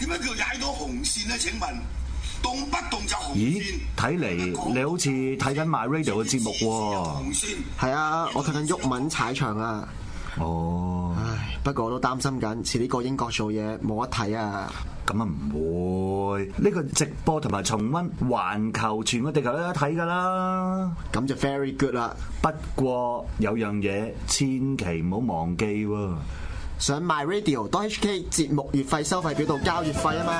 點解叫踩到紅線咧？請問動不動就紅線咦，睇嚟你，你好似睇緊 my radio 嘅節目喎。係啊，紅線我睇緊郁文踩場啊。哦，唉，不過我都擔心緊，似呢個英國做嘢冇得睇啊。咁啊唔會，呢、這個直播同埋重溫，環球全個地球都有睇噶啦。咁就 very good 啦。不過有樣嘢千祈唔好忘記喎、啊。上 myradio.hk 節目月費收費表度交月費啊嘛，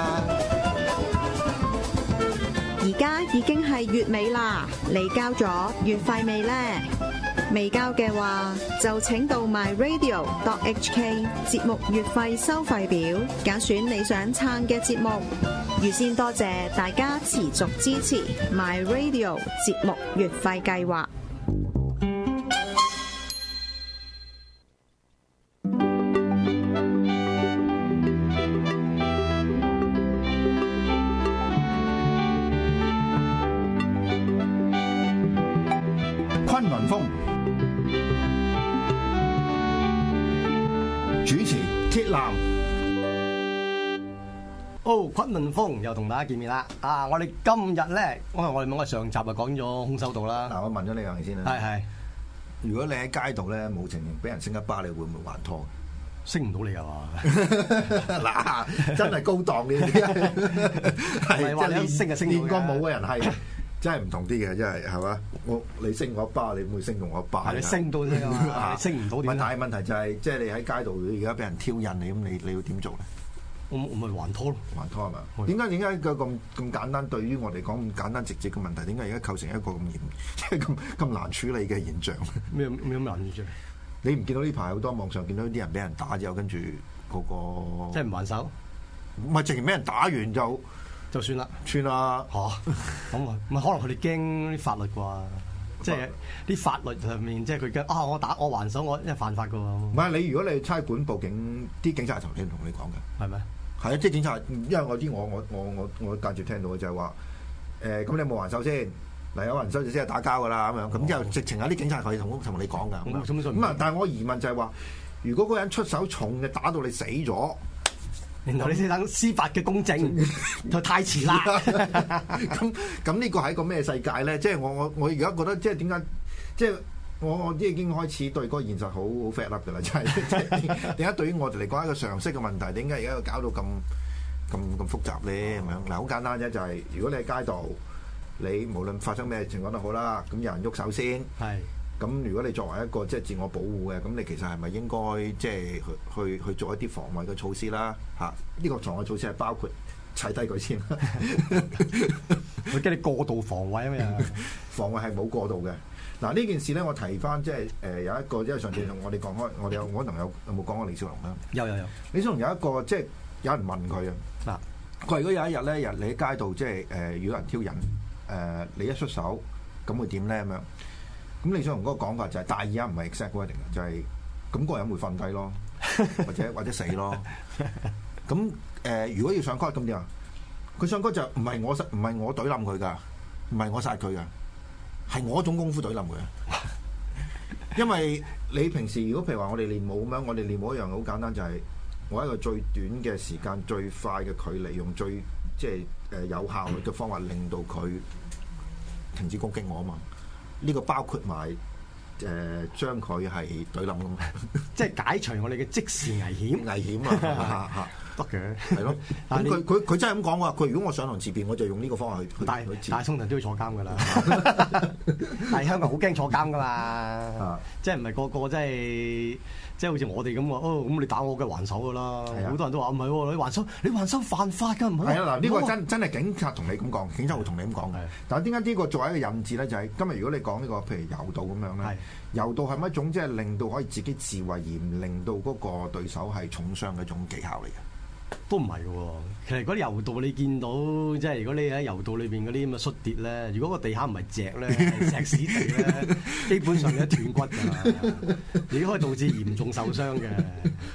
而家已經係月尾啦，你交咗月費未呢？未交嘅話，就請到 myradio.hk 節目月費收費表揀選你想撐嘅節目，預先多謝大家持續支持 myradio 節目月費計劃。風主持鐵男，哦，崑崙風又同大家見面啦！啊，我哋今日咧，我我哋冇我上集就講咗空手道啦。嗱，我問咗你樣嘢先啊？係係，如果你喺街度咧冇情形俾人升一巴，你會唔會還拖？升唔到你又啊？嗱，真係高檔嘅，係即係升啊升，應該冇嘅人係。真係唔同啲嘅，真係係嘛？我你升我一巴，你唔會升到我一巴。你升到 你升唔到點？但係問題就係，是，即係你喺街度而家俾人挑釁你，咁你你要點做咧？我我咪還拖咯，還拖係嘛？點解點解個咁咁簡單？對於我嚟講咁簡單直接嘅問題，點解而家構成一個咁嚴即係咁咁難處理嘅現象？咩咩咁難處理？你唔見到呢排好多網上見到啲人俾人打之後，那個，跟住嗰個即係唔還手？唔係，直接俾人打完就。就算啦，穿啦了，吓，咁啊，唔係 可能佢哋驚啲法律啩， 即係啲法律上面，即係佢驚啊，我打我還手，我係犯法噶喎。唔係你如果你去差館報警，啲警察係頭先同你講嘅，係咪嗎？係啊，即係警察，因為我啲我我我我間住聽到嘅就係話，誒、欸、咁你冇還手先，嚟有還手就先係打交噶啦咁樣，咁之後直情有啲警察可、嗯、樣以同同你講㗎。咁啊，但係我疑問就係話，如果嗰個人出手重嘅，就打到你死咗。我哋先等司法嘅公正了，就太遲啦。咁咁呢個係一個咩世界咧？即係我我我而家覺得為什麼，即係點解？即係我我已經開始對嗰個現實好好 fed up 嘅啦。真係點解對於我哋嚟講一個常識嘅問題，點解而家又搞到咁咁咁複雜咧？咁樣嗱，好簡單啫，就係、是、如果你喺街度，你無論發生咩情況都好啦，咁有人喐手先。咁如果你作為一個即係自我保護嘅，咁你其實係咪應該即係去去去做一啲防衞嘅措施啦？嚇、啊、呢、這個防衞措施係包括砌低佢先。 我驚你過度防衞啊嘛！ 防衞係冇過度嘅。嗱、啊、呢件事咧，我提翻即係誒有一個，因為上次同我哋講開，我哋有可能有有冇講過李小龍啦？有有有。李小龍有一個即係有人問佢啊，嗱佢如果有一日咧，有你喺街度，即係誒、呃，如果有人挑釁，誒、呃、你一出手，咁會點咧？咁樣？咁李小龍嗰個講法就係第二日唔係 exactly 定嘅，就係咁嗰個人會瞓低咯，或者或者死咯。咁誒，如果要上 cut 咁點啊？佢上 cut 就唔係我殺，唔係我懟冧佢噶，唔係我殺佢噶，係我種功夫懟冧佢啊！因為你平時如果譬如話我哋練武咁樣，我哋練武一樣好簡單，就係我一個最短嘅時間、最快嘅距離，用最即係誒有效率嘅方法，令到佢停止攻擊我啊嘛。呢個包括埋、呃、將佢係懟冧咁嘅，即係解除我哋嘅即時危險，危險啊！ 得嘅，係咯。咁佢佢佢真係咁講喎。佢如果我上堂自辯，我就用呢個方法去。但係沖涼都要坐監噶啦。但係香港好驚坐監噶嘛。即係唔係個個即係即係好似我哋咁話哦，咁你打我嘅還手㗎啦。好多人都話唔係喎，你還手你還手犯法㗎，唔可以。係啦，嗱，呢個真真係警察同你咁講，警察會同你咁講。但係點解呢個作為一個印證咧？就係今日如果你講呢個譬如柔道咁樣咧，柔道係咪一種即係令到可以自己自衛而唔令到嗰個對手係重傷嘅一種技巧嚟嘅？都唔係嘅，其實嗰啲柔道你見到，即係如果你喺柔道裏邊嗰啲咁嘅摔跌咧，如果個地下唔係蓆咧，石屎地咧， 基本上一斷骨噶，你 可以導致嚴重受傷嘅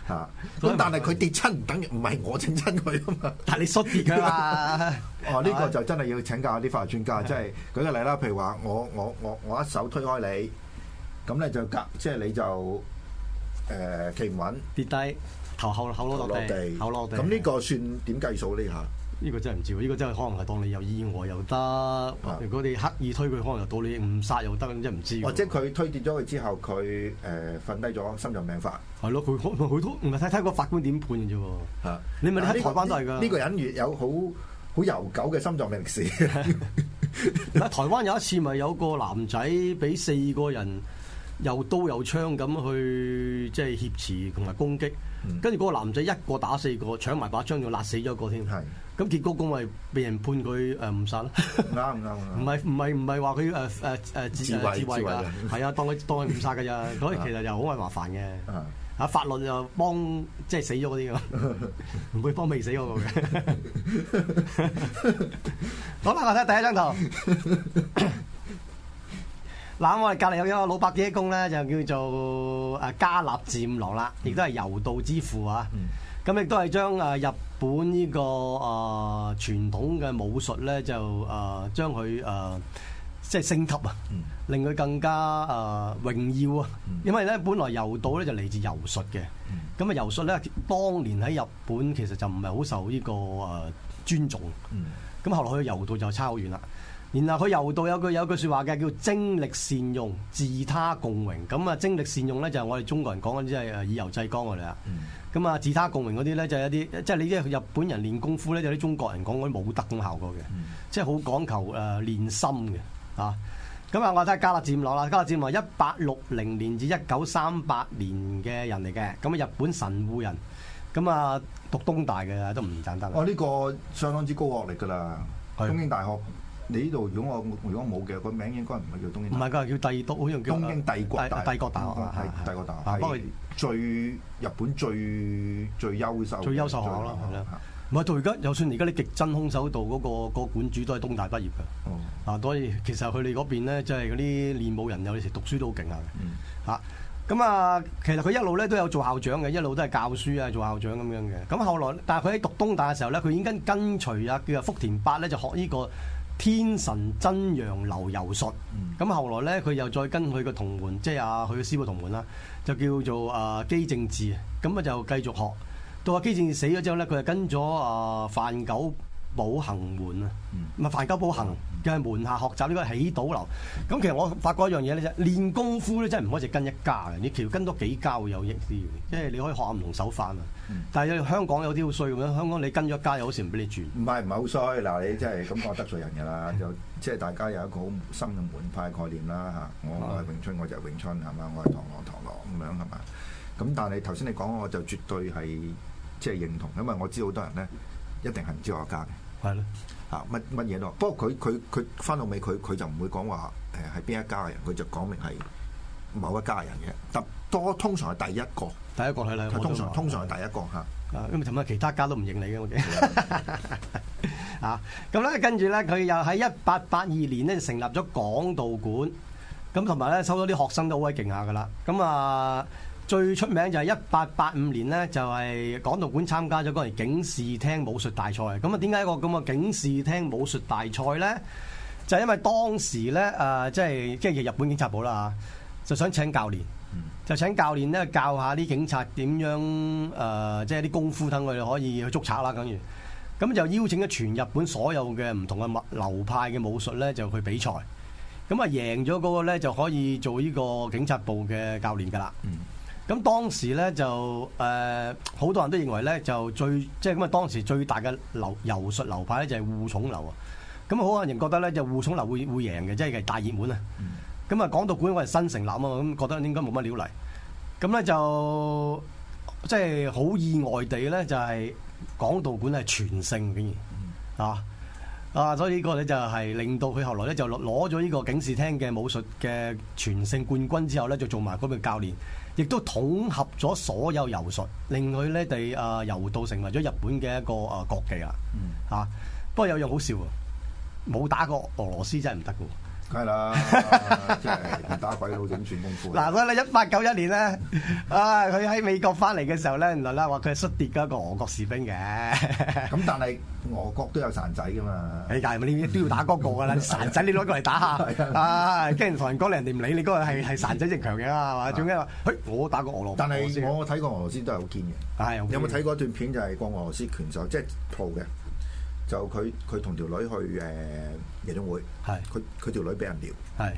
吓。咁、啊、但係佢跌親，等於唔係我整親佢啊嘛。但係你摔跌噶嘛。哦、啊、呢、這個就真係要請教下啲法律專家，的即係舉個例啦，譬如話我我我我一手推開你，咁咧就夾，即係你就誒企唔穩，就是你就呃、穩跌低。後後腦落地，後腦咁，呢個算點計數呢吓？呢、嗯、個真係唔知喎，呢、這個真係可能係當你有意外又得，是如果你刻意推佢，可能又到你誤殺又得，真係唔知道的。或者佢推跌咗佢之後，佢誒瞓低咗，呃、心臟病發。係咯，佢佢都唔係睇睇個法官點判嘅啫喎。吓是，你咪睇喺台灣都係㗎。呢、這個人越有好好悠久嘅心臟病歷史。喺 台灣有一次，咪有個男仔俾四個人。又刀又槍咁，去即係挾持同埋攻擊，跟住嗰個男仔一個打四個，搶埋把槍就辣死咗一個添。咁是 結果公係被人判佢誒誤殺啦。唔啱唔啱？唔係唔係唔係話佢誒誒誒自自衞啊？係啊，當佢當佢誤殺㗎啫。 所以其實又好鬼麻煩嘅。嚇法律就幫即係、就是、死咗嗰啲咯，唔 會幫未死嗰個嘅。 好啦，我睇第一張圖。 嗱，我哋隔離有一個老伯幾公咧，就叫做誒嘉納治五郎啦，亦都係柔道之父啊。咁亦都係將誒日本呢個誒傳統嘅武術咧，就誒將佢誒即係升級啊，令佢更加誒榮耀啊。因為咧，本來柔道咧就嚟自柔術嘅，咁啊柔術咧，當年喺日本其實就唔係好受呢個誒尊重。咁後嚟去柔道就差好遠啦。然後佢柔道有句有句説話嘅，叫精力善用，自他共榮。咁啊，精力善用咧就係我哋中國人講嗰啲即係以油制剛我哋啊。咁啊、嗯，自他共榮嗰啲咧就係一啲即係你即係日本人練功夫咧，就啲中國人講嗰啲武德嘅效果嘅，嗯、即係好講求誒練、呃、心嘅啊。咁啊，我睇下加勒佔羅啦，加勒佔羅一八六零年至一九三八年嘅人嚟嘅，咁啊日本神戶人，咁啊讀東大嘅都唔簡單啦。哦，呢、這個相當之高學歷噶啦，東京是大學。你呢度如果我如果冇嘅個名應該唔係叫東英，唔係㗎，叫帝都，好似叫東英帝國帝國大學，係帝國大學，係最日本最最優秀最優秀學校啦。係啦，唔係到而家，就算而家啲極真空手道嗰個個館主都係東大畢業嘅。嗱，所以其實佢哋嗰邊咧，即係嗰啲練武人有時讀書都好勁下嘅吓。咁啊，其實佢一路咧都有做校長嘅，一路都係教書啊，做校長咁樣嘅。咁後來，但係佢喺讀東大嘅時候咧，佢已經跟跟隨啊叫啊福田八咧就學呢個。天神真陽流柔術，咁後來咧，佢又再跟佢個同門，即係啊，佢嘅師傅同門啦，就叫做啊基政治。咁啊就繼續學。到阿基政治死咗之後咧，佢就跟咗啊范九。武行門啊，咪樊、嗯、家武行嘅門下學習呢、呢個起倒流。咁其實我發覺一樣嘢，你啫練功夫咧，真係唔可以只跟一家嘅，你其實跟多幾家會有益啲，即係你可以學下唔同手法啊。但係香港有啲好衰咁樣，香港你跟咗一家又好似唔俾你住，唔係唔係好衰嗱，你真係咁覺得罪人㗎啦。就即係、就係、大家有一個好深嘅門派概念啦嚇。我我係詠春，我就係詠春係嘛，我係螳螂螳螂咁樣係嘛。咁但係頭先你講我就絕對係即係認同，因為我知好多人咧一定係唔知我家嘅。係咯啊，乜乜嘢都。不過佢佢佢翻到尾，佢佢就唔會講話誒係邊一家嘅人，佢就講明係某一家嘅人嘅。得多通常係第一個，第一個係啦。佢通常通常係第一個吓，因為同埋其他家都唔認你嘅。我哋啊，咁咧跟住咧，佢又喺一八八二年咧成立咗港道館。咁同埋咧，收到啲學生都好鬼勁下噶啦。咁、嗯、啊～、嗯最出名就係一八八五年呢就係、是、講道館參加咗嗰人警視廳武術大賽。咁啊，點解一個咁嘅警視廳武術大賽呢？就係、是、因為當時呢，誒即係即係日本警察部啦就想請教練，就請教練呢教下啲警察點樣即係啲功夫等佢哋可以去捉賊啦。咁咁就邀請咗全日本所有嘅唔同嘅流派嘅武術呢，就去比賽。咁啊，贏咗嗰個呢，就可以做呢個警察部嘅教練噶啦。嗯咁當時咧就誒好多人都認為咧就最即係咁啊。當時最大嘅流柔術流派咧就係戶塚流啊。咁啊，好多人覺得咧就戶塚流會會贏嘅，即係係大熱門啊。咁啊、嗯，講道館嗰係新成立啊咁覺得應該冇乜料嚟。咁咧就即係好意外地咧，就係、是、講道館係全勝竟然啊、嗯、啊！所以呢個咧就係令到佢後來咧就攞咗呢個警視廳嘅武術嘅全勝冠軍之後咧，就做埋嗰個教練。亦都統合咗所有柔術，令佢哋啊柔道成為咗日本嘅一個啊國技啦嚇、嗯啊。不過有樣好笑，冇打過俄羅斯真係唔得嘅喎。係啦，即係打鬼佬整寸功夫。嗱，佢喺一八九一年咧，啊，佢喺美國翻嚟嘅時候咧，原來咧話佢係摔跌一個俄國士兵嘅。咁但係俄國都有散仔噶嘛？你但係咪都要打嗰個噶啦？散仔你攞過嚟打下，啊，跟住同人講你，人哋唔理你，嗰個係係散仔正強嘅啊嘛？仲加話，嘿，我打過俄羅斯，但係我睇過俄羅斯都係好堅嘅。係有冇睇過一段片就係講俄羅斯拳手即係套嘅？就佢佢同條女去誒夜總會，係佢佢條女俾人撩，係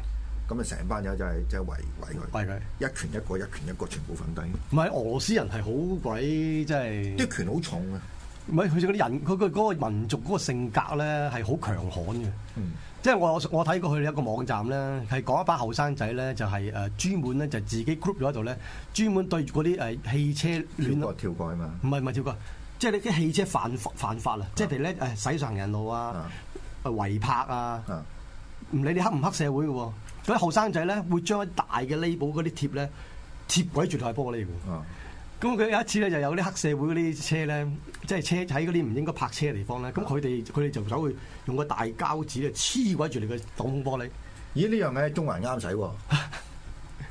咁啊！成班友就係即係圍圍佢，圍佢的一拳一個，一拳一個，全部瞓低。唔係俄羅斯人係好鬼即係啲拳好重嘅、啊，唔係佢嗰啲人，佢個嗰民族嗰個性格咧係好強悍嘅。嗯、即係我我睇過佢有一個網站咧，係講一班後生仔咧就係誒專門咧就自己 group 咗喺度咧，專門對住嗰啲誒汽車亂跳過啊嘛，唔係唔係跳過。即係你啲汽車犯犯法啦，啊、即係譬如咧誒，洗上人路啊，違泊啊，唔、啊啊、理你黑唔黑社會嘅喎，嗰啲後生仔咧會將一大嘅 label 嗰啲貼咧貼鬼住台玻璃嘅。咁佢、啊、有一次咧就有啲黑社會嗰啲車咧，即、就、係、是、車喺嗰啲唔應該泊車嘅地方咧，咁佢哋佢哋就走去用個大膠紙嚟黐鬼住你嘅擋風玻璃。咦？呢樣嘢中環啱使喎。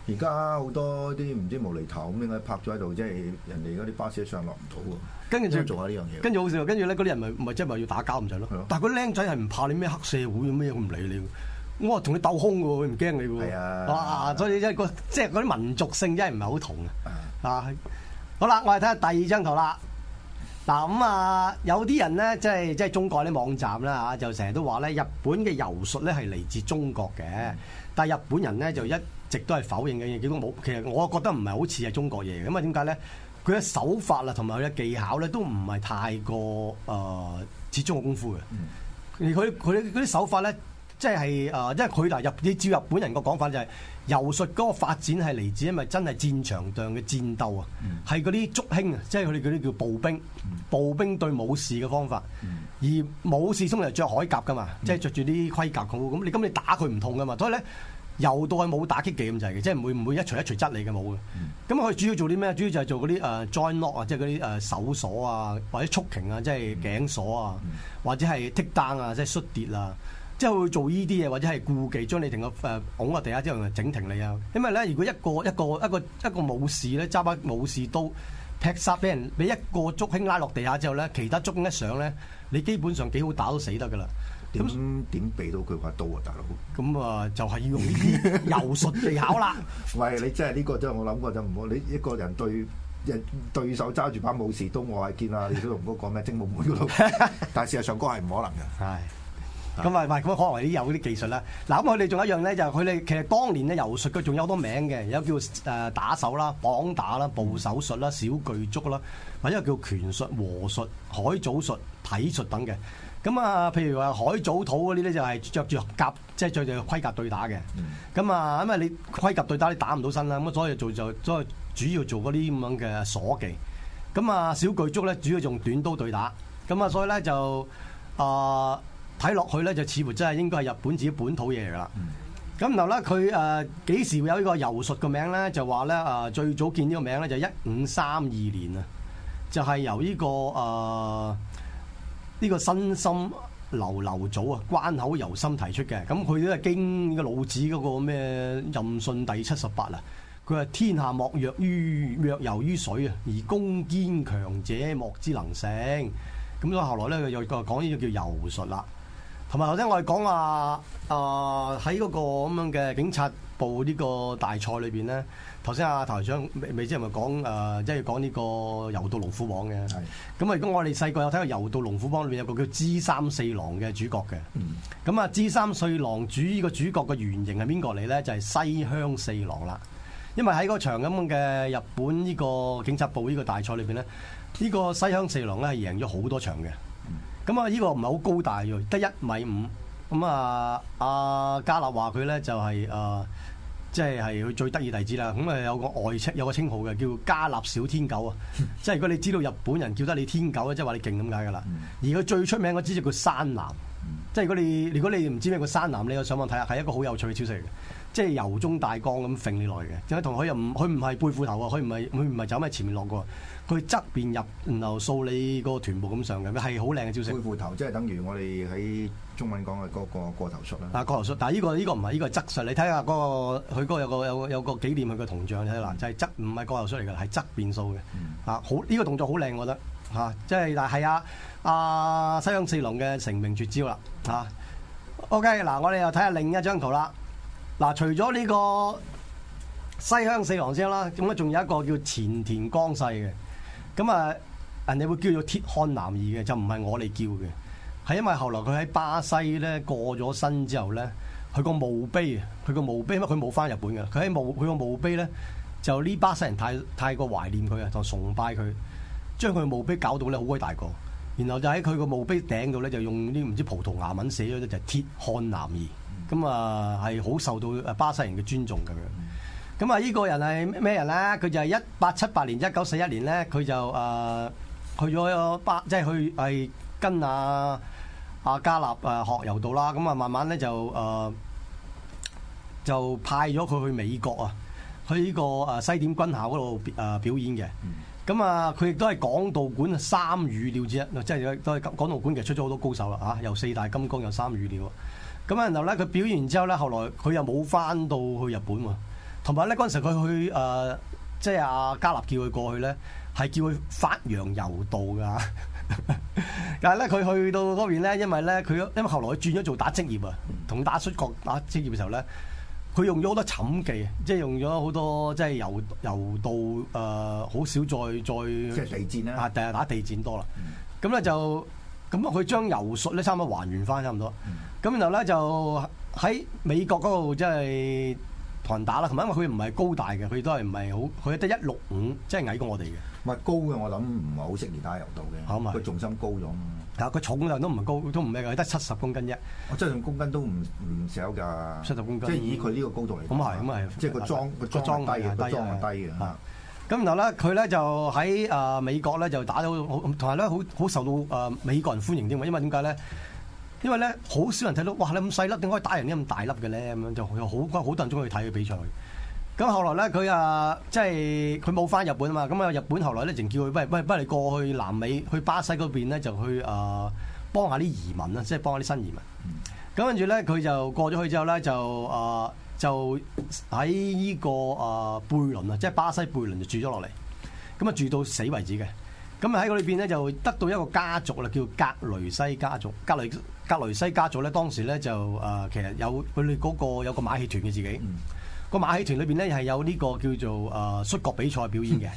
而家好多啲唔知無厘頭應該拍咗喺度，即係人哋嗰啲巴士上落唔到喎。跟住做下呢樣嘢，跟住好笑，跟住咧嗰啲人咪，唔係即係話要打交唔上咯。係啊，但係嗰僆仔係唔怕你咩黑社會咩樣，佢唔理你。我同你鬥兇嘅喎，佢唔驚你嘅喎。係啊，所以一個即係嗰啲民族性真係唔係好同係啊。係，好啦，我哋睇下第二張圖啦。嗱咁、即係即係、啊，有啲人咧即係即係中國啲網站啦，就成日都話咧日本嘅柔術咧係嚟自中國嘅，嗯、但係日本人咧就一，嗯一直都係否認嘅嘢，佢冇。其實我覺得唔係好似係中國嘢嘅，因為點解咧？佢嘅手法啦，同埋佢嘅技巧咧，都唔係太過誒，似、呃、中國功夫嘅。佢佢啲手法咧，即係誒，因為佢嗱入你照日本人嘅講法就係、是、柔術嗰個發展係嚟自，因為真係戰場上嘅戰鬥啊，係嗰啲足輕啊，即係佢哋嗰啲叫步兵，步兵對武士嘅方法。而武士通常着鎧甲噶嘛，嗯、即係着住啲盔甲咁，你根本你打佢唔痛噶嘛，所以咧。又到佢冇打擊技咁滯嘅，即係唔會唔會一錘一錘質你嘅冇嘅。咁佢、嗯、主要做啲咩？主要就係做嗰啲誒、uh, joint lock 啊，即係嗰啲手鎖啊，或者 choking 啊，即係頸鎖啊，嗯、或者係 takedown 啊，即係摔跌啊，即係佢會做依啲嘢，或者係顧忌將你停個拱㧬落地下之後，整停你啊。因為咧，如果一個一個一個一個，一個武士咧揸把武士刀劈殺，俾人俾一個足輕拉落地下之後咧，其他足輕一上咧，你基本上幾好打都死得㗎喇。點點避到佢把刀啊，大佬？咁啊，就係要用啲柔術技巧啦。喂，你真係呢、呢個真係我諗過就唔好。你一個人對人手揸住把武士刀，我係堅啦。你都同嗰個咩精武門度， 但事實上嗰係唔可能嘅。係。咁咪咪咁可能啲有啲技術咧。嗱，咁佢哋仲有一樣咧，就係佢哋其實當年咧柔術佢仲有好多名嘅，有叫誒打手啦、綁打啦、步手術啦、小巨足啦，或者叫拳術、和術、海藻術、體術等嘅。咁啊，譬如話海藻土嗰啲咧，就係着住甲，即係着住盔甲對打嘅。咁、mm. 啊，因為你盔甲對打，你打唔到身啦。咁所以做就再主要做嗰啲咁樣嘅鎖技。咁啊，小具足咧，主要用短刀對打。咁啊，所以咧就啊睇落去咧，就似乎真係應該係日本自己本土嘢嚟啦。咁、mm. 然後咧，佢誒幾時會有呢個柔術個名咧？就話咧啊，最早見呢個名咧就一五三二年啊，就係、是就是、由呢、這個誒。呃呢個身心流流組啊，關口由心提出嘅咁，佢都係經呢個老子嗰個咩《任信》第七十八啊。佢話天下莫若於若柔於水啊，而攻堅強者莫之能勝。咁所以後來咧佢又又講呢個叫柔術啦，同埋頭先我哋講話誒喺嗰個咁樣嘅警察部呢個大賽裏邊咧。頭先阿台長未未知係咪講誒，即係講呢個《柔道龍虎榜》嘅。咁啊，如果我哋細個有睇過《柔道龍虎榜》裏邊有一個叫姿三四郎嘅主角嘅。咁啊，姿三四郎主呢個主角嘅原型係邊個嚟咧？就係、是、西鄉四郎啦。因為喺嗰場咁嘅日本呢個警察部呢個大賽裏邊咧，呢、這個西鄉四郎咧係贏咗好多場嘅。咁啊，呢個唔係好高大嘅，得一米五。咁啊，阿嘉納話佢咧就係、是、誒。啊。即係係佢最得意弟子啦，咁啊有個外稱有個稱號嘅叫加納小天狗啊，即係如果你知道日本人叫得你天狗，即係話你勁咁解㗎啦。而佢最出名嗰招就叫山南，即係如果你如果你唔知咩叫山南，你上網睇下，係一個好有趣嘅招式嚟嘅，即係由中大江咁揈你嚟嘅。而且同佢又唔佢唔係背負頭啊，佢唔係佢唔係走喺前面落㗎。佢側邊入，然後掃你個臀部咁上嘅，係好靚嘅招式。背負頭即係等於我哋喺中文講嘅嗰、那個過頭摔啦。啊，但呢依、這個依唔係呢個側摔、這個，你睇下嗰個佢嗰個有個有有個紀念佢嘅個銅像睇嗱，就係側唔係過頭摔嚟嘅，係側邊掃嘅、嗯啊。好，呢、這個動作好靚，我覺得即係但係係西鄉四郎嘅成名絕招啦、啊、OK，嗱、啊，我哋又睇下另一張圖啦。嗱、啊，除咗呢個西鄉四郎先啦，咁咧仲有一個叫前田光世嘅。咁啊，人哋會叫做鐵漢男兒嘅，就唔係我哋叫嘅，係因為後來佢喺巴西咧過咗身之後咧，佢個墓碑啊，佢個墓碑因為佢冇翻日本嘅，佢喺墓佢個墓碑咧就呢巴西人太太過懷念佢啊，就崇拜佢，將佢墓碑搞到咧好鬼大個，然後就喺佢個墓碑頂度咧就用啲唔知葡萄牙文寫咗咧就係鐵漢男兒，咁啊係好受到啊巴西人嘅尊重咁樣。咁、呃、啊！呢個人係咩人咧？佢就係一八七八年一九四一年咧，佢就誒去咗巴，即係去係跟啊阿嘉納誒、呃、學柔道啦。咁啊，慢慢咧就誒、呃、就派咗佢去美國啊，去呢個誒西點軍校嗰度誒表演嘅。咁啊、嗯，佢亦都係講道館三羽鳥之一，即係都係講道館其實出咗好多高手啦嚇。有、啊、四大金剛又語，有三羽鳥。咁啊，然後咧，佢表演完之後咧，後來佢又冇翻到去日本喎。同埋咧嗰陣時他，佢去誒，即係阿加納叫佢過去咧，係叫佢發揚柔道㗎。 但係咧，佢去到嗰邊咧，因為咧佢，因為後來佢轉咗做打職業啊，同、嗯、打出國打職業嘅時候咧，佢用咗好多寢技啊，即係用咗好多即係柔柔道誒，好、呃、少再再即係地戰啊，第日、啊、打地戰多啦。咁咧、嗯、就咁啊，佢將柔術咧差唔多還原翻，差唔多。咁、嗯、然後咧就喺美國嗰、那、度、個，即係。同人打啦，同埋因為佢唔係高大嘅，佢都係唔係好，佢得一六五，即係矮過我哋嘅。唔係高嘅，我諗唔係好適宜打柔道嘅。嚇嘛！佢重心高咗。嚇，佢重量都唔係高，都唔咩嘅，得七十公斤啫。我七十公斤都唔唔少㗎。七十公斤，即係以佢呢個高度嚟講。咁啊咁啊係，即係個裝個裝低嘅，係低嘅。嚇！咁然後咧，佢咧就喺誒美國咧就打到好，同埋咧好好受到誒美國人歡迎啲喎，因為點解咧？因為咧，好少人睇到，哇！你咁細粒，點可以打人呢？咁大粒嘅咧？咁樣就好，好多人中意去睇佢比賽。咁後來咧，佢啊，即係佢冇翻日本啊嘛。咁啊，日本後來咧，就叫佢，喂，喂，不如你過去南美，去巴西嗰邊咧，就去啊幫下啲移民啊，即係幫下啲新移民。咁跟住咧，佢就過咗去之後咧，就啊，就喺呢個啊貝倫啊，即係巴西貝倫就住咗落嚟。咁啊，住到死為止嘅。咁喺佢裏邊咧，就得到一個家族啦，叫格雷西家族。格雷格雷西家族咧，當時咧就，誒，其實有佢哋嗰個有個馬戲團嘅自己。個馬戲團裏邊咧係有呢個叫做誒摔角比賽表演嘅。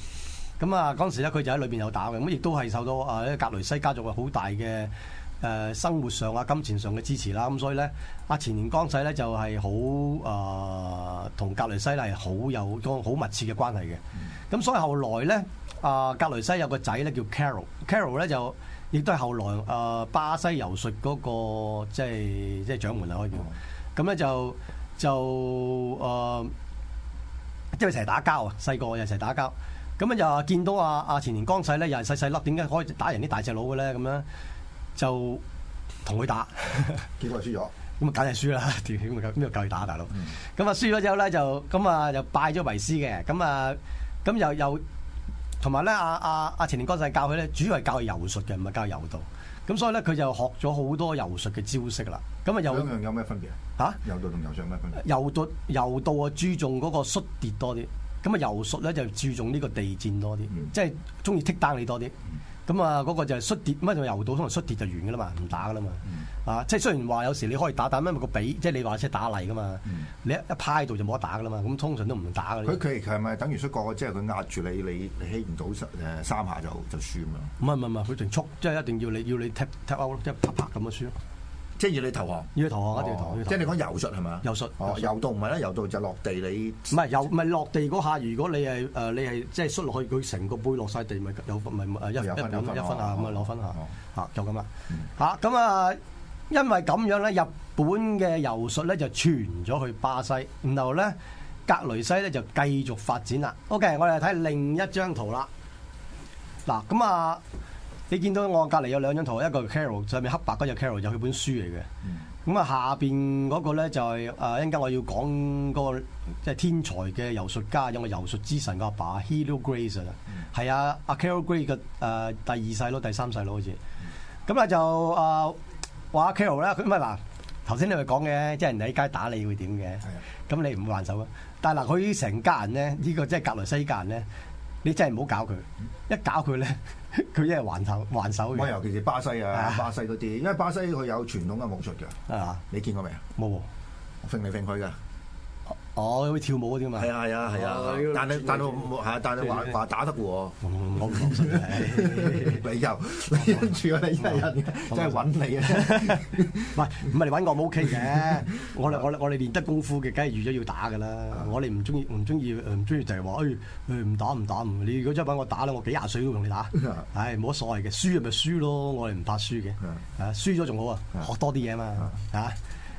咁啊，嗰陣時咧佢就喺裏邊有打嘅，咁亦都係受到啊格雷西家族嘅好大嘅。誒生活上啊，金錢上嘅支持啦，咁所以咧，阿前田光世咧就係好誒，同、呃、格雷西係好有好好密切嘅關係嘅。咁、嗯、所以後來咧，阿、呃、格雷西有個仔咧叫 Carol，Carol 咧就亦都係後來誒、呃、巴西柔術嗰個即係即係掌門啦，可以咁咧就就誒即係一齊打交啊。細個又一齊打交，咁啊就見到阿、啊、阿前田光世咧又係細細粒，點解可以打贏啲大隻佬嘅咧？咁樣。就同佢打， 打，結果、嗯、輸咗，咁啊簡直輸啦，點點啊夠點啊佢打大佬。咁啊輸咗之後咧，就咁啊又拜咗為師嘅，咁啊咁又又同埋咧阿阿阿陳年哥就係教佢咧，主要係教佢柔術嘅，唔係教柔道。咁所以咧佢就學咗好多柔術嘅招式啦。咁啊又兩樣有咩分別啊？嚇柔道同柔術有咩分別？柔道柔道啊注重嗰個摔跌多啲，咁啊柔術咧就注重呢個地戰多啲，嗯、即係中意剔單你多啲。嗯咁啊，嗰個就係摔跌，乜仲遊到通常摔跌就完噶啦嘛，唔打噶啦嘛。啊，即係雖然話有時你可以打，但係乜個比即係你話即打嚟噶嘛，嗯、你一一派到就冇得打噶啦嘛，咁通常都唔打噶。佢佢係咪等於摔過之後，佢壓住你，你起唔到三三下就就輸咁樣？唔係唔係唔係，佢、嗯、仲、嗯嗯嗯、速，即係一定要你要你踢踢 out 即係啪啪咁樣輸。即係要你投降，要你投降，一定要投降。即係你講柔術係嘛？柔術，柔道唔係啦，柔道就落地你。唔係柔，唔係落地嗰下。如果你係誒，你係即係摔落去，佢成個杯落晒地，咪有分咪誒一分一分一分下咁啊攞分下吓，就咁啦吓。咁啊，因為咁樣咧，日本嘅柔術咧就傳咗去巴西，然後咧格雷西咧就繼續發展啦。OK，我哋睇另一張圖啦。嗱，咁啊。你見到我隔離有兩張圖，一個 Carol 上面黑白嗰隻 Carol 就佢本書嚟嘅，咁啊下邊嗰個咧就係啊一陣間我要講嗰、那個即係、就是、天才嘅柔術家，有個柔術之神個阿爸 Helio Gracie 啦，係、mm hmm. 啊阿、mm hmm. 啊、Carol Gracie 嘅誒、呃、第二細佬咯，第三細佬咯好似，咁咧就、呃、啊話 Carol 咧佢咪嗱頭先你咪講嘅，即係人哋喺街打你會點嘅，咁、mm hmm. 你唔會還手啊？但嗱佢成家人咧，這個、人呢個即係格雷西家人咧。你真係唔好搞佢，一搞佢咧，佢一係還手還手嘅。尤其是巴西啊，唉 巴西嗰啲，因為巴西佢有傳統嘅武術嘅，啊吧，你見過未啊？冇有，揈嚟揈去㗎。哦，會跳舞嘅添嘛？係啊，係啊，係啊！但係但係，係但話話打得喎。我唔講嘢，你又你又住喺呢啲人，真係揾你啊！唔係唔係你揾我，冇 OK 嘅。我我我哋練得功夫嘅，梗係預咗要打嘅啦。我哋唔中意唔中意唔中意就係話，誒唔打唔打唔。你如果真係揾我打咧，我幾廿歲都同你打。唉，冇所謂嘅，輸咪輸咯，我哋唔怕輸嘅。啊，輸咗仲好啊，學多啲嘢啊嘛，嚇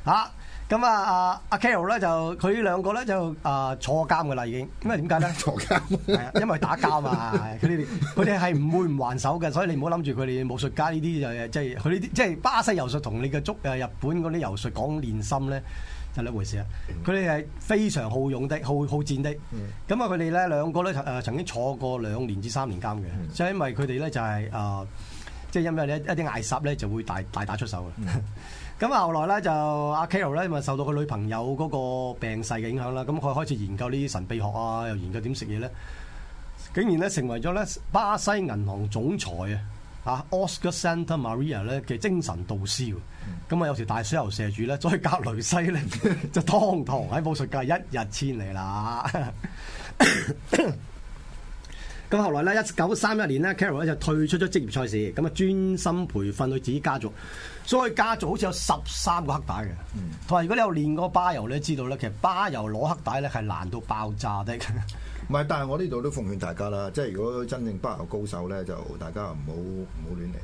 嚇。咁啊，阿阿 Karo 咧就佢兩個咧就啊坐監㗎啦，已經咁啊點解咧？坐監係啊， 因為打交嘛。佢哋佢哋係唔會唔還手嘅，所以你唔好諗住佢哋武術家呢啲就係，即係佢呢啲即係巴西柔術同你嘅足日本嗰啲柔術講練心咧就呢、係、回事啊。佢哋係非常好勇的、好好戰的。咁啊、嗯，佢哋咧兩個咧、呃、曾經坐過兩年至三年監嘅，即係、嗯、因為佢哋咧就係、係、啊，即、呃、係、就係、因為一啲嗌殺咧就會大大打出手嘅。嗯嗯。咁後來咧就阿 Karo 咧，咪受到佢女朋友嗰個病逝嘅影響啦，咁佢開始研究呢啲神秘學啊，又研究點食嘢咧，竟然咧成為咗咧巴西銀行總裁啊！啊，Oscar Santa Maria 咧嘅精神導師喎，咁啊有條大水喉射住咧，再格雷西咧就當堂堂喺武術界一日千里啦～ 咁後來咧，一九三一年咧，Carol 咧就退出咗職業賽事，咁啊專心培訓佢自己家族。所以家族好似有十三個黑帶嘅。同埋、嗯、如果你有練過巴柔你知道咧，其實巴柔攞黑帶咧係難到爆炸的。唔係，但係我呢度都奉勸大家啦，即係如果真正巴柔高手咧，就大家唔好唔好亂嚟，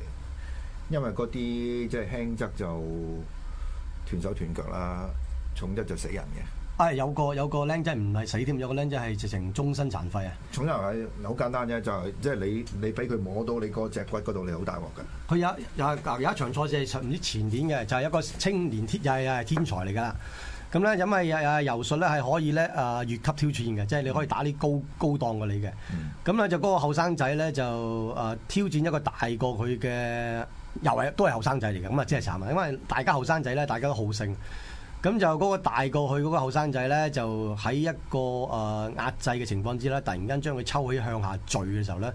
因為嗰啲即係輕則就斷手斷腳啦，重則就死人嘅。啊！有個有個僆仔唔係死添，有個僆仔係直情終身殘廢啊！重人係好簡單啫，就係即係你你俾佢摸到你嗰隻骨嗰度，你好大鑊噶。佢有又有一場賽事，唔知前年嘅，就係一個青年天又天才嚟噶。咁咧因為啊柔術咧係可以咧啊越級挑戰嘅，即係你可以打啲高高檔過你嘅。咁咧、嗯、就嗰個後生仔咧就啊、呃、挑戰一個大過佢嘅，又係都係後生仔嚟嘅。咁啊即係慘啊！因為大家後生仔咧，大家都好勝。咁就嗰個大過去嗰個後生仔咧，就喺一個誒、呃、壓制嘅情況之下，突然間將佢抽起向下墜嘅時候咧，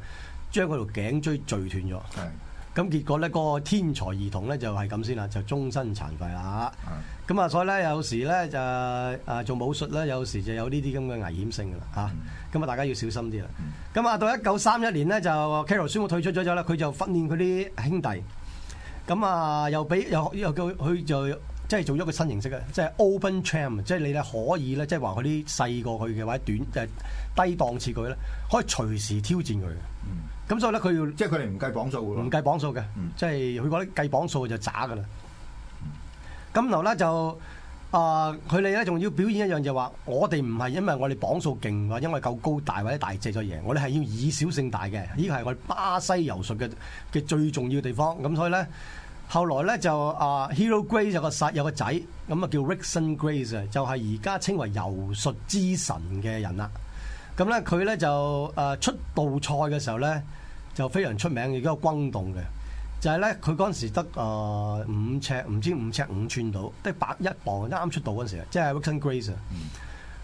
將佢條頸椎墜斷咗。咁是的 結果咧，個、嗰個天才兒童咧就係咁先啦，就終身殘廢啦咁啊，是的 所以咧有時咧就、呃、做武術咧，有時就有呢啲咁嘅危險性㗎啦嚇咁啊，大家要小心啲啦。咁啊，到一九三一年咧，就 k e r o l 宣布退出咗之後咧，佢就訓練佢啲兄弟。咁啊，又俾又又叫佢就。即係做咗個新形式嘅，即係 open tram，即係你咧可以咧，即係話佢啲細過佢嘅或者短，即係低檔次佢咧，可以隨時挑戰佢嘅。咁所以咧，佢要即係佢哋唔計磅數嘅，唔計磅數嘅，嗯、即係佢覺得計磅數就渣嘅啦。咁然後咧就啊，佢哋咧仲要表現一樣就話，我哋唔係因為我哋磅數勁，或因為夠高大或者大隻咗贏，我哋係要以小勝大嘅。呢個係我哋巴西柔術嘅嘅最重要地方。咁所以咧。後來咧就啊，Hero Grace, Grace 就個殺有個仔，咁啊叫 Rickson Grace 就係而家稱為柔術之神嘅人啦。咁咧佢咧就誒出道賽嘅時候咧，就非常出名，亦都轟動嘅。就係咧，佢嗰陣時得誒五尺，唔知五尺五寸到，即係八一磅，啱出道嗰陣時啊，即、就、係、是、Rickson Grace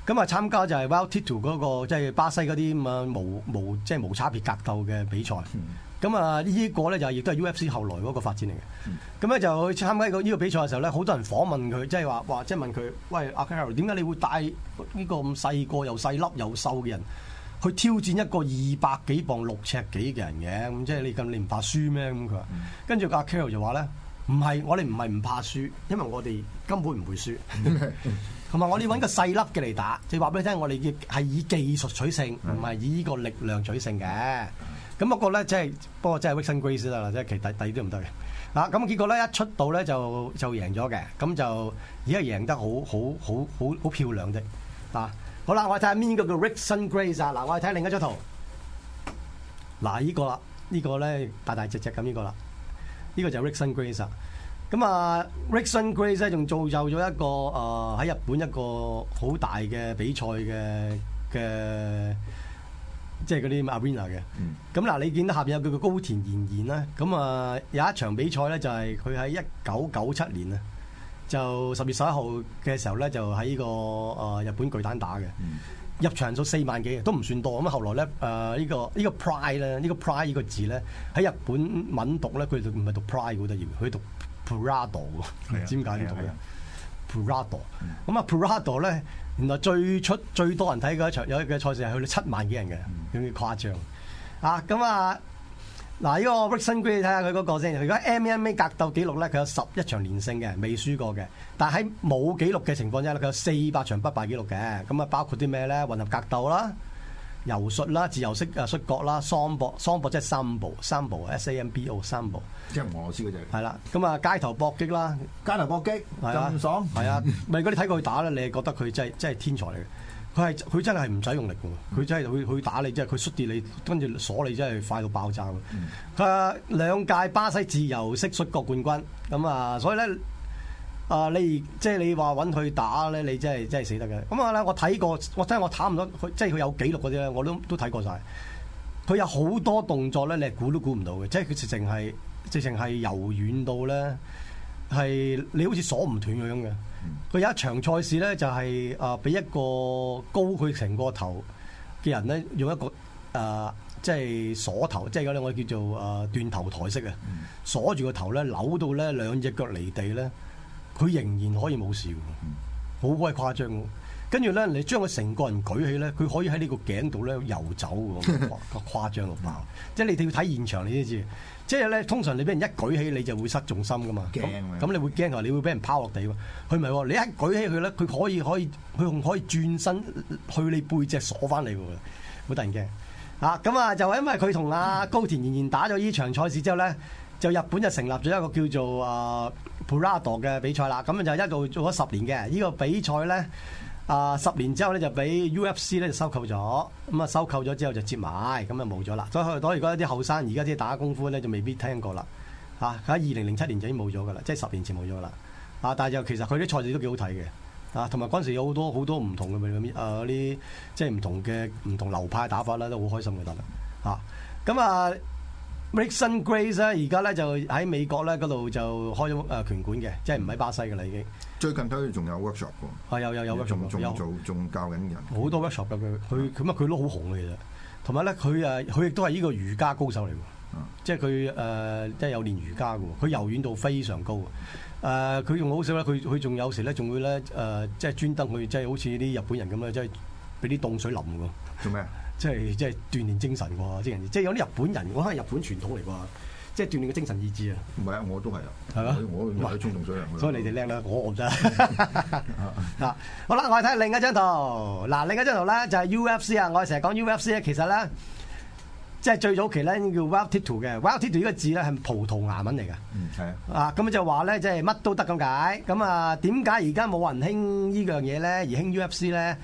咁啊，參加就係 Vale Tudo 嗰、那個，即、就、係、是、巴西嗰啲咁啊無，無即無差別格鬥嘅比賽。咁啊、嗯，呢個咧就亦都係 UFC 後來嗰個發展嚟嘅。咁咧、嗯、就去參加呢個比賽嘅時候咧，好多人訪問佢，即係話，哇！即係問佢，喂，阿 Caro 點解你會帶呢個咁細個又細粒又，又瘦嘅人去挑戰一個二百幾磅六尺幾嘅人嘅？咁即係你咁你唔怕輸咩？咁佢話、嗯、跟住阿 Caro 就話咧，唔係我哋唔係唔怕輸，因為我哋根本唔會輸。嗯 同埋我哋揾個細粒嘅嚟打，即係話俾你聽，我哋嘅係以技術取勝，唔係以呢個力量取勝嘅。咁不過咧，即係不過即係 Rickson Gracie 先啦，即係其他第二啲唔得嘅。嗱，咁結果咧一出道咧就就贏咗嘅，咁就而家贏得好好好好好漂亮啫。啊，好啦，我哋睇下邊個叫 Rickson Gracie 啊？嗱，我哋睇另一張圖，嗱呢個啦，呢個咧大大隻隻咁呢個啦，呢個就 Rickson Gracie 啦。咁啊 Rickson Grace 咧，仲造就咗一個誒喺、呃、日本一個好大嘅比賽嘅嘅，即係嗰啲 arena 嘅。咁嗱、嗯啊，你見到下面有佢個高田延彥啦。咁啊，有一場比賽咧，就係佢喺一九九七年啊，就十月十一號嘅時候咧，就喺、呢個誒、呃、日本巨蛋打嘅。嗯、入場數四萬幾都唔算多。咁後來咧，呃呢個呢個、呢、呢個呢個 pride 咧，呢個 pride 呢個字咧，喺日本文讀咧，佢唔係讀 pride 嘅，好得意，佢讀 Prado 喎，唔知點解呢度？Prado，咁啊 Prado 咧，原來最出最多人睇過一場有嘅賽事係去到七萬幾人嘅，有啲誇張。嚇咁 啊，嗱呢、啊呢個 Rickson Gracie 睇下佢嗰個先。如果 MMA 格鬥紀錄咧，佢有十一場連勝嘅，未輸過嘅。但喺冇紀錄嘅情況之下，佢有四百場不敗紀錄嘅。咁啊，包括啲咩咧？混合格鬥啦。柔術啦，自由式誒摔角啦，桑博，桑博即係三步，三步 S A M B O 三步，即係俄羅斯嗰隻。係啦，咁啊街頭搏擊啦，街頭搏擊就唔啦爽。係啊啦，咪如果你睇過佢打咧，你係覺得佢真係真係天才嚟嘅。佢係佢真係唔使用力嘅，佢真係會會打你，即係佢摔跌你，跟住鎖你，真係快到爆炸。佢、嗯、兩屆巴西自由式摔角冠軍，咁啊，所以咧。啊！你即係你話揾佢打咧，你真係真係死得嘅。咁啊咧，我睇過，我真係我攬唔到佢，即係佢有記錄嗰啲咧，我都都睇過晒。佢有好多動作咧，你係估都估唔到嘅，即係佢直情係直情係柔軟到咧，係你好似鎖唔斷咁樣嘅。佢、嗯、有一場賽事咧，就係、是、啊，俾、呃、一個高佢成個頭嘅人咧，用一個啊、呃，即係鎖頭，即係嗰啲我哋叫做啊、呃、斷頭台式嘅，嗯、鎖住個頭咧，扭到咧兩隻腳離地咧。佢仍然可以冇事，好鬼誇張喎！跟住咧，你將佢成個人舉起咧，佢可以喺呢個頸度咧遊走喎，誇誇張到爆！ 即係你哋要睇現場你先知，即係咧，通常你俾人一舉起你就會失重心噶嘛，驚咁你會驚啊！你會俾人拋落地喎，佢咪喎，你一舉起佢咧，佢可以可以佢仲可以轉身去你背脊、就係、鎖翻你喎，好突然驚！咁啊，就係因為佢同阿高田賢賢打咗呢場賽事之後咧，就日本就成立咗一個叫做啊。Prado 嘅比賽啦，咁就一度做咗十年嘅，呢個比賽咧啊、呃、十年之後咧就俾 UFC 咧就收購咗，咁、嗯、啊收購咗之後就接埋，咁啊冇咗啦。所以去到如果啲後生而家即係打功夫咧就未必聽過啦，嚇、啊！喺二零零七年就已經冇咗噶啦，即、就、係、是、十年前冇咗啦，啊！但係就其實佢啲賽事都幾好睇嘅，啊，還有有很多很多不同埋嗰陣時有好多好多唔同嘅咪啲即係唔同嘅唔同流派打法啦，都好開心嘅，得啦嚇，咁啊～啊 Rickson Grace 咧，而家咧就喺美國咧嗰度就開咗誒拳館嘅，即係唔喺巴西㗎喇已經。最近都仲有 workshop 喎、啊。有有還有 workshop。仲還做仲有教緊人。好多 workshop 㗎佢，佢咁啊，佢都好紅嘅其實。同埋咧，佢啊，佢亦都係呢個瑜伽高手嚟喎、啊呃。即係佢誒，即係有練瑜伽嘅喎。佢柔軟度非常高啊！佢、呃、用好少咧，佢佢仲有時咧，仲會咧誒，即係專登去即係好似啲日本人咁樣，即係俾啲凍水淋嘅。做咩啊？即係即係鍛鍊精神喎，人即係有啲日本人，我睇日本傳統嚟喎，即係鍛鍊個精神意志啊！唔係啊，我都係啊，係啊，我唔係衝動水人，是就是、所以你哋叻啦，我我唔得。啊，好啦，我哋睇下另一張圖，嗱另一張圖咧就係 UFC 啊，我哋成日講 UFC 咧，其實咧即係最早期咧叫 Vale Tudo 嘅 Vale Tudo 呢個字咧係葡萄牙文嚟㗎，嗯係啊，咁、啊、就話咧即係乜都得咁解，咁啊點解而家冇人興呢樣嘢咧，而興 UFC 咧？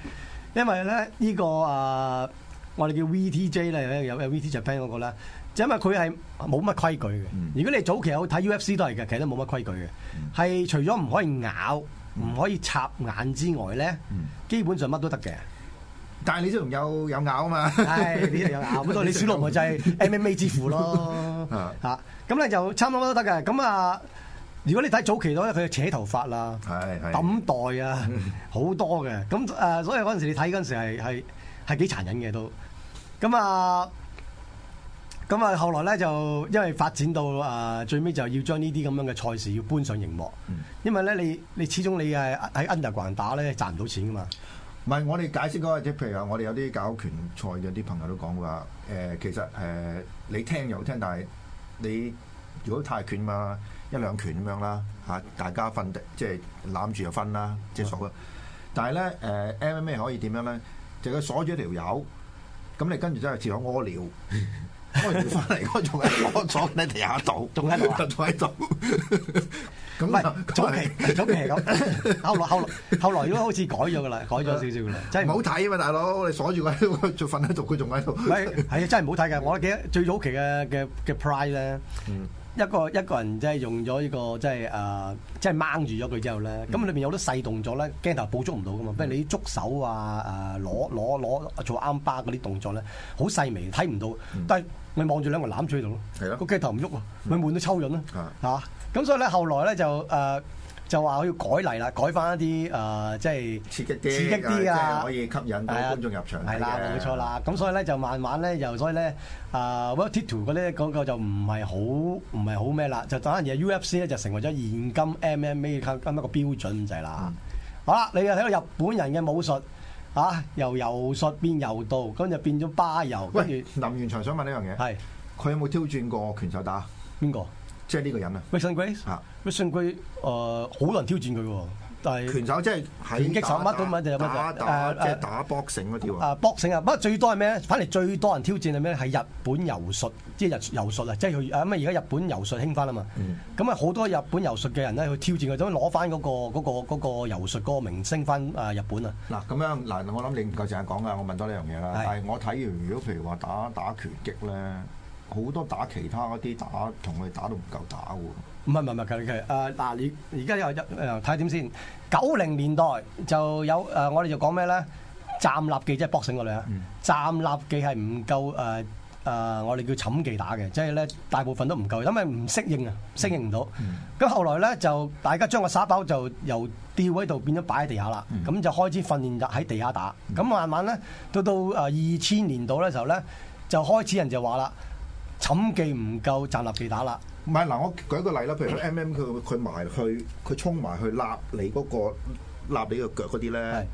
因為咧呢、呢個啊。呃我哋叫 V T J 啦，有有 V T Japan 嗰、那個啦，就是、因為佢係冇乜規矩嘅。嗯、如果你早期有睇 U F C 都係嘅，其實都冇乜規矩嘅。係、嗯、除咗唔可以咬、唔、嗯、可以插眼之外咧，嗯、基本上乜都得嘅。但係你都仲有有咬啊嘛？係、哎，你有咬。不過 你，你小羅龍咪就係 M M A 支付咯，嚇咁咧就差唔多都得嘅。咁啊，如果你睇早期咧，佢扯頭髮啦、啊，抌、哎哎、袋啊，好、嗯、多嘅。咁誒，所以嗰陣時你睇嗰陣時係係。係幾殘忍嘅都，咁、嗯、啊、咁、嗯、啊、嗯，後來咧就因為發展到啊，最尾就要將呢啲咁樣嘅賽事要搬上熒幕，因為咧你你始終你係喺 underground 打咧賺唔到錢噶嘛。唔係，我哋解釋嗰即譬如話我哋有啲搞拳賽嘅啲朋友都講話，誒、呃，其實誒、呃，你聽又好聽，但係你如果泰拳嘛，一兩拳咁樣啦，吓，大家分即係攬住就分啦，即係咁啦。嗯、但係咧，誒、呃、，MMA 可以點樣咧？就佢鎖住一條友，咁你跟住之後切開屙尿，屙完尿翻嚟，佢仲係鎖鎖喺地下度，仲喺度仲喺度。咁唔係早期早期咁，後來後來後來都好似改咗噶啦， 改咗少少噶啦，啊、真係唔好睇啊嘛，大佬你鎖住佢，仲瞓喺度，佢仲喺度。係係啊，真係唔好睇嘅，我記得最早期嘅嘅嘅 pride 咧。一個一個人即係用咗呢個即係誒，即係掹住咗佢之後咧，咁裏、嗯、面有啲細動作咧，鏡頭捕捉唔到噶嘛，譬如你啲捉手啊、誒攞攞攞做 arm bar 嗰啲動作咧，好細微睇唔到，嗯、但係咪望住兩個人攬住喺度咯，個鏡頭唔喐喎，咪悶到抽潤咯，嚇咁所以咧，後來咧就誒就話要改嚟啦，改翻一啲誒即係刺激啲啊，可以吸引啲觀眾入場係啦，冇錯啦。咁所以咧就慢慢咧又所以咧誒，Vale Tudo 嗰啲嗰個就唔係好唔係好咩啦，就單嘢 UFC 咧就成為咗現今 MMA 今今一個標準就係啦。好啦，你又睇到日本人嘅武術。啊！由柔術變柔道，咁就變咗巴柔。跟住喂著林元祥想問呢樣嘢，係佢是有冇挑戰過拳手打邊個？即係呢個人啊，威信 and grace 誒好難挑戰佢喎。拳手即係拳擊手，乜都問定乜誒即係打 boxing 嗰啲啊。誒、uh, uh, boxing 啊，不過最多係咩咧？反而最多人挑戰係咩咧？係日本柔術，即係日柔術啊！即係佢，啊咁啊！而家日本柔術興翻啦嘛。咁啊，好多日本柔術嘅人咧去挑戰佢，想攞翻嗰個嗰、嗰個嗰、嗰個嗰個柔術嗰個名聲翻啊！日本啊。嗱咁樣嗱，我諗你唔夠時間講啊。我問多呢樣嘢啦。係是的 我睇完，如果譬如話打打拳擊咧。好多打其他嗰啲打，同佢打都唔夠打喎。唔係唔係唔係，嗱、呃，你而家又又睇點先？九零年代就有、呃、我哋就講咩咧？站立技即係搏醒我哋。啊！嗯、站立技係唔夠、呃呃、我哋叫寢技打嘅，即係咧大部分都唔夠，因為唔適應啊，適應唔到。咁、嗯、後來咧就大家將個沙包就由吊位度變咗擺喺地下啦，咁、嗯、就開始訓練喺地下打。咁慢慢咧到到二千年度嘅時候咧，就開始人就話啦。沉技唔夠站立地打啦，唔係嗱，我舉個例啦，譬如 M M 佢佢埋去佢衝埋去立你嗰、嗰個攔你個腳嗰啲咧，係，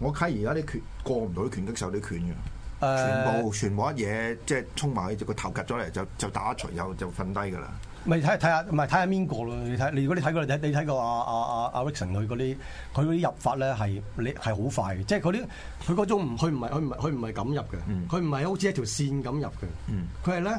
我睇而家啲拳過唔到拳擊手啲拳嘅，全部、呃、全部一嘢，即、就、係、是、衝埋去來就個頭夾咗嚟就就打除右，就瞓低㗎啦。咪睇下睇下，唔係睇下邊個咯？你睇你如果你睇過你睇你睇過阿 Rickson 佢嗰啲，佢嗰啲入法咧係你係好快即係嗰啲佢嗰種唔佢唔係佢唔係佢唔係咁入嘅，佢唔係好似一條線咁入嘅，佢係咧。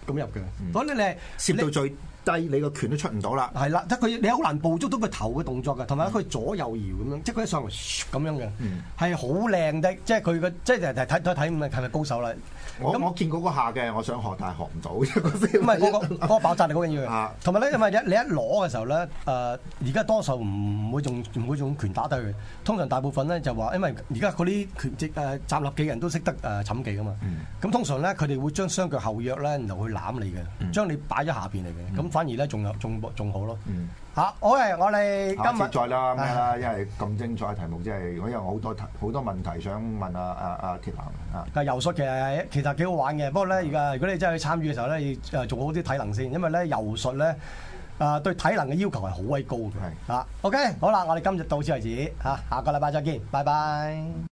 咁入嘅，所以咧你攝到最低，你個拳都出唔到啦。係啦，得佢你好難捕捉到佢頭嘅動作嘅，同埋佢左右搖咁樣，即係佢上嚟咁樣嘅，係好靚的，即係佢嘅，即係就係睇睇睇，唔係係咪高手啦？我我見過嗰下嘅，我想學但係學唔到。唔係嗰個嗰個爆炸力好緊要嘅，同埋咧因為你一攞嘅時候咧，誒而家多數唔唔會用唔會用拳打低佢，通常大部分咧就話，因為而家嗰啲拳擊誒站立嘅人都識得誒寢技啊嘛。咁通常咧佢哋會將雙腳後躍咧然後佢。攬你嘅，將你擺咗下邊嚟嘅。咁、嗯、反而咧仲有仲仲好咯。吓、嗯，好嘅，OK，我哋今日再啦，的因為咁精彩嘅題目，即係我有好多好多問題想問阿阿阿鐵男啊。游、啊、術其實係其實幾好玩嘅，不過咧而家如果你真係去參與嘅時候咧，你要做好啲體能先，因為咧游術咧誒對體能嘅要求係好威高嘅。吓的，OK，好啦，我哋今日到此為止吓，下個禮拜再見，拜拜。嗯